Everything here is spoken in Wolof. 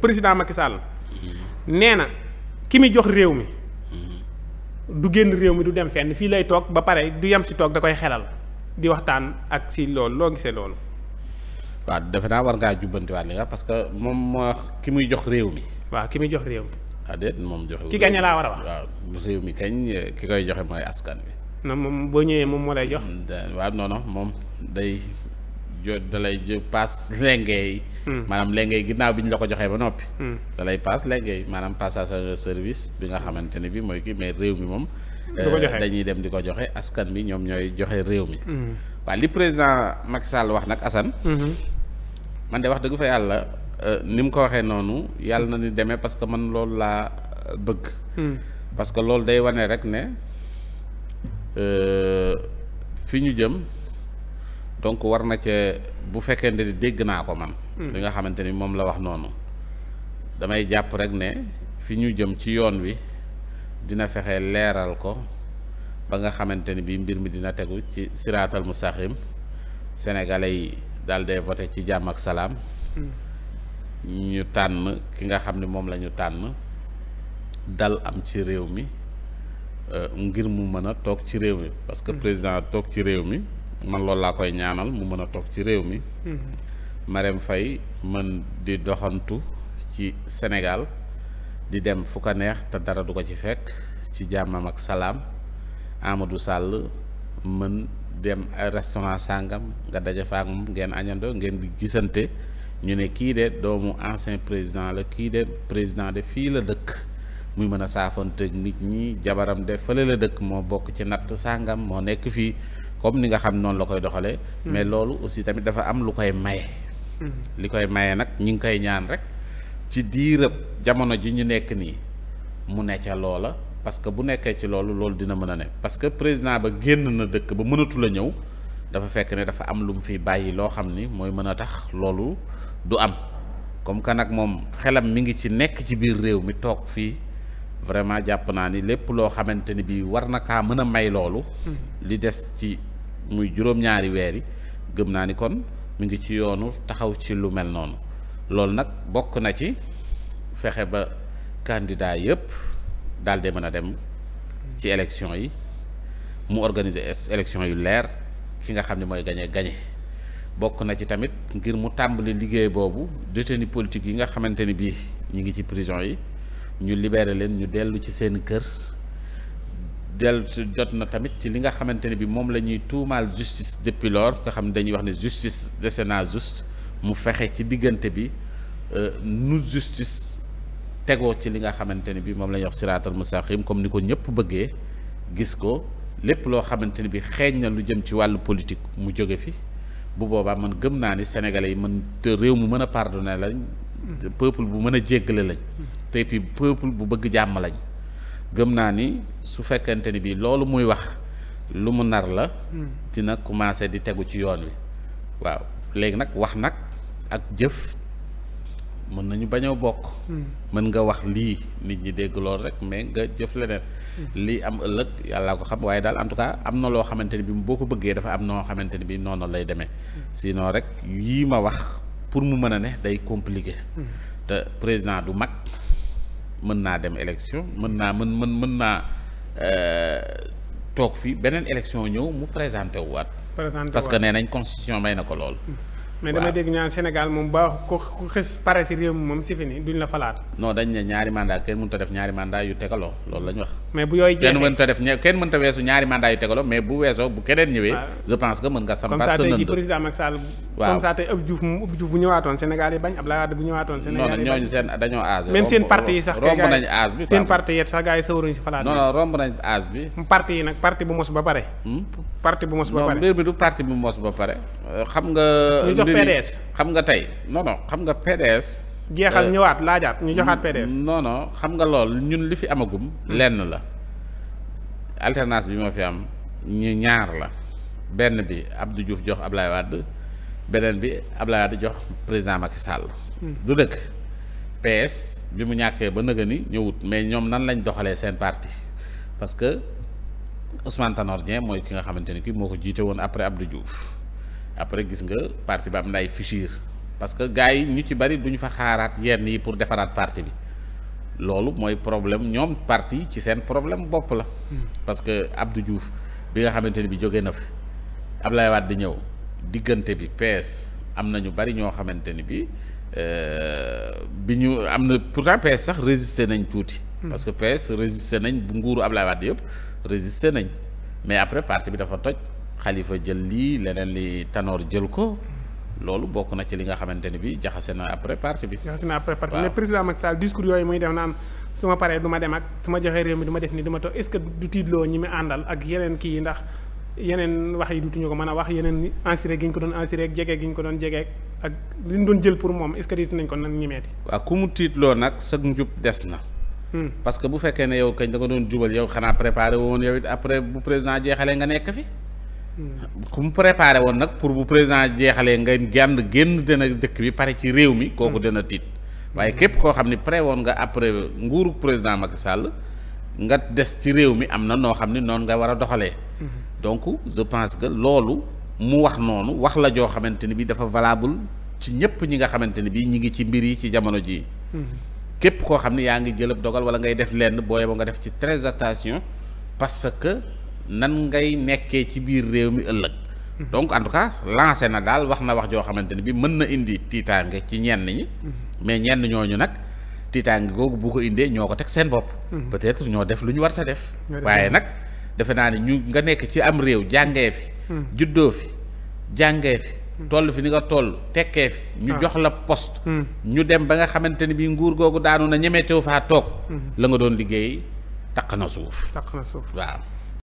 président Macky Sall mm-hmm. nee na ki muy jox réew mi mm-hmm. du génn réew mi du dem fenn fii lay toog ba pare du yem si toog da koy xelal di waxtaan ak si loolu loo gisee loolu. waaw defe naa war ngaa jubbantiwaat li nga parce que moom moo wax ki muy jox réew mi. waaw ki muy jox réew mi. ah moom jox ki gañe laa war a wax. réew mi kañ ki koy joxe mooy askan bi. non moom boo ñëwee moom moo lay jox. Mm, waaw non non moom day jo dalay paas lengee hmm. maanaam lengee ginnaaw bi ñu la ko joxee ba noppi hmm. dalay paas lengee maanaam passation de service bi nga xamante ne bi mooy kii mais réew mi moom euh, dañuy dem di ko joxe askan bi ñoom ñooy joxe réew mi hmm. waa li président Macky Sall wax nag Assane man de wax dëgg fa yàlla euh, ni mu ko waxee noonu yàlla na ni demee parce que man loolu laa euh, bëgg parce que loolu day wane rek ne fi ñu jëm donc war na cee bu fekkente ni dégg naa ko man. Hmm. li nga xamante ni moom la wax noonu. damay jàpp rek ne fi ñu jëm ci yoon wi dina fexe leeral ko ba nga xamante ni bii mbir mi dina tegu ci siraatal mustaqim sénégalais yi daal day voté ci jàmm ak salaam. Hmm. ñu tànn ki nga xam ne moom la ñu tànn dal am ci réew mi euh, ngir mu mën a toog ci réew mi. parce que hmm. président toog ci réew mi. man loolu laa koy ñaanal mu mën a toog ci réew mi. Mm-hmm. Marème fay mën di doxantu ci Sénégal di dem fu ko neex te dara du ko ci fekk ci jàmmam ak salaam amadu sàll mën dem restaurant sàngam nga daje fa ak ngeen añandoo ngeen di gisante ñu ne kii de doomu ancien président la kii de président de fii la dëkk muy mën a saafanteeg nit ñi jabaram de fële la dëkk moo bokk ci natt sàngam moo nekk fii comme ni nga xam noonu la koy doxalee. Hmm. mais loolu aussi tamit dafa am lu koy maye. Hmm. li koy maye nag ñu ngi koy ñaan rek ci diirëb jamono ji ñu nekk nii mu ne ca loola parce que bu nekkee ci loolu loolu dina mën a ne parce que président ba génn na dëkk ba mënatu la ñëw dafa fekk ne dafa am lu mu fiy bàyyi loo xam ni mooy mën a tax loolu du am comme que nag moom xelam mi ngi ci nekk ci biir réew mi toog fii vraiment jàpp naa ni lépp loo xamante ni bii war na kaa mën a may loolu. Hmm. muy juróom-ñaari weer yi gëm naa ni kon mu ngi ci yoonu taxaw ci lu mel noonu loolu nag bokk na ci fexe ba candidat yëpp daal di mën a dem ci élection yi mu organiser élection yu leer ki nga xam ne mooy gañe gañe bokk na ci tamit ngir mu tàmbali liggéey boobu détenu politique yi nga xamante ni bii ñu ngi ci prison yi ñu libéré leen ñu dellu ci seen kër del jot na tamit ci li nga xamante ne bi moom la ñuy tuumaal justice depuis lors nga xam ne dañuy wax ne justice desena juste mu fexe ci diggante bi euh, nu justice tegoo ci li nga xamante ne bi moom la ñuy wax siraatal mustaqim comme ni ko ñëpp bëggee gis ko lépp loo xamante ne bi xeeñ na lu jëm ci wàllu politique mu jóge fi bu boobaa mën gëm naa ni sénégalais yi mën réew mu mën a pardonner lañ mm. peuple bu mën a jéggale lañ mm. te puis peuple bu bëgg jàmm lañ gëm naa ni su fekkente ni bii loolu muy wax lu mu nar la hmm. dina commencé di tegu ci yoon wi waaw léegi nag wax nag ak jëf mën nañu bañ a bokk hmm. mën nga wax lii nit ñi dégg loolu rek mais nga jëf leneen hmm. lii am ëllëg yàllaa ko xam waaye daal en tout cas am na loo xamante ni bi boo ko bëggee dafa am noo xamante ni bi noonu lay demee sinon rek yii ma wax pour mu mën a ne day compliqué te président du mag mën naa dem élection mën naa mën mën mën naa euh, toog fii beneen élection ñëw mu présenté waat parce que nee nañ constitution may na ko lool hmm. mais damay dégg ñaan Sénégal moom baaxu ko ku pare si réew moom si fi ni duñ la falaat non dañ ne ñaari mandat kenn mënut a def ñaari mandat yu tegaloo loolu la ñu wax mais bu yooyu jeexee kenn mënut a def ñe kenn mënut a weesu ñaari mandat yu tegaloo mais bu weesoo bu keneen ñëwee je pense que mën nga sampaat sa nënd président Macky Sall waaw bu ñëwaatoon Sénégal yi bañ Abdoulaye Wade bu ñëwaatoon Sénégal yi bañ non ñooñu seen dañoo âge même seen parti yi PDS xam nga tey non xam nga PDS. jeexal euh, ñëwaat laajaat ñu joxaat PDS. noonoo xam nga lool ñun li fi amagum. Hmm. lenn la alternance bi moo fi am ñu ñaar la benn bi Abdou Diouf jox Ablaye Wade beneen bi Ablaye Wade jox président Macky Sall. Hmm. du dëkk PS bi mu ñàkkee ba nëgë ni ñëwut mais ñoom nan lañ doxalee seen partie parce que Ousmane Tanor Dieng mooy ki nga xamante ni kii moo ko jiite woon après Abdou Diouf. après gis nga parti bi am na ay fissure parce que gars yi ñu ci bari duñu fa xaaraat yenn yi pour defaraat parti bi loolu mooy problème ñoom parti ci seen problème bopp la. parce que Abdou Diouf bi nga xamante ni bi jóge na fi Ablaye Wade di ñëw diggante bi PS am na ñu bari ñoo xamante ni bi euh, bi ñu am na pourtant PS sax résister nañ tuuti. parce que PS nañ bu nguuru Ablaye Wade yëpp résister nañ mais après parti bi dafa toj. xalifa jël lii leneen li tanoor jël ko loolu bokk na ci li nga xamante ne bi jaxase na après parti bi. jaxase na après parti mais président Macky Sall discours muy def naan ma paree du ma dem ak su ma mi du def ni du ma toog est-ce que du tiidloo ñi mu àndal ak ndax yeneen wax yi dutuñu ko mën a wax yeneen ensiré gi ñu ko doon ensiré jege gi ko doon jege ak li ñu pour moom est nañ ko nan ñemeeti. waaw ku mu tiitloo nag sag njub des na. Hmm. parce que bu fekkee ne yow kañ da nga doon jubal yow xanaa préparé woon yow it après bu président jeexalee nga nekk fi. Hmm. ku mu préparé woon nag pour bu président jeexalee nga gànd génn dana dëkk bi pare ci réew mi kooku hmm. dana tiit hmm. waaye képp koo xam ne pré woon nga après nguuru président Macky Sall nga des ci réew mi am na noo xam ne noonu nga war a doxalee donc je pense que loolu mu wax noonu wax la joo xamante ni bi dafa valable ci ñëpp ñi nga xamante ni bi ñi ngi ci mbir yi ci jamono jii képp koo xam ne yaa ngi jëlëb dogal wala ngay def lenn booye ba nga def ci très parce que nan ngay nekkee ci biir réew mi ëllëg donc en tout cas lancé na daal wax na wax joo xamante ne bi mën na indi tiitaange ci ñenn ñi mm-hmm. mais ñenn ñooñu nag tiitaange googu bu ko indee ñoo ko teg seen bopp mm-hmm. peut-être ñoo def lu ñu war a def waaye nag defe naa ne ñu nga nekk ci am réew jàngee fi mm-hmm. juddoo fi jàngee fi toll fi ni nga toll tekkee fi ñu ah. jox la post ñu dem ba nga xamante ni bi nguur googu daanu na ñemetewu faa toog la nga doon liggéey taq na suuf taq na suuf waaw